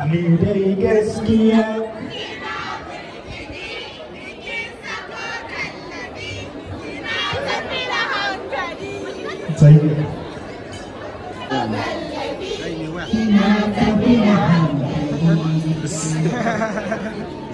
Amir dai gaskiya Kina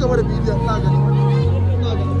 gaba da bidiyon ina ganin ina ganin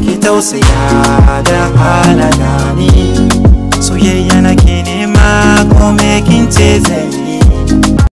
ki tausaya da halalani, ni soyayya nake nema ko kin ce zai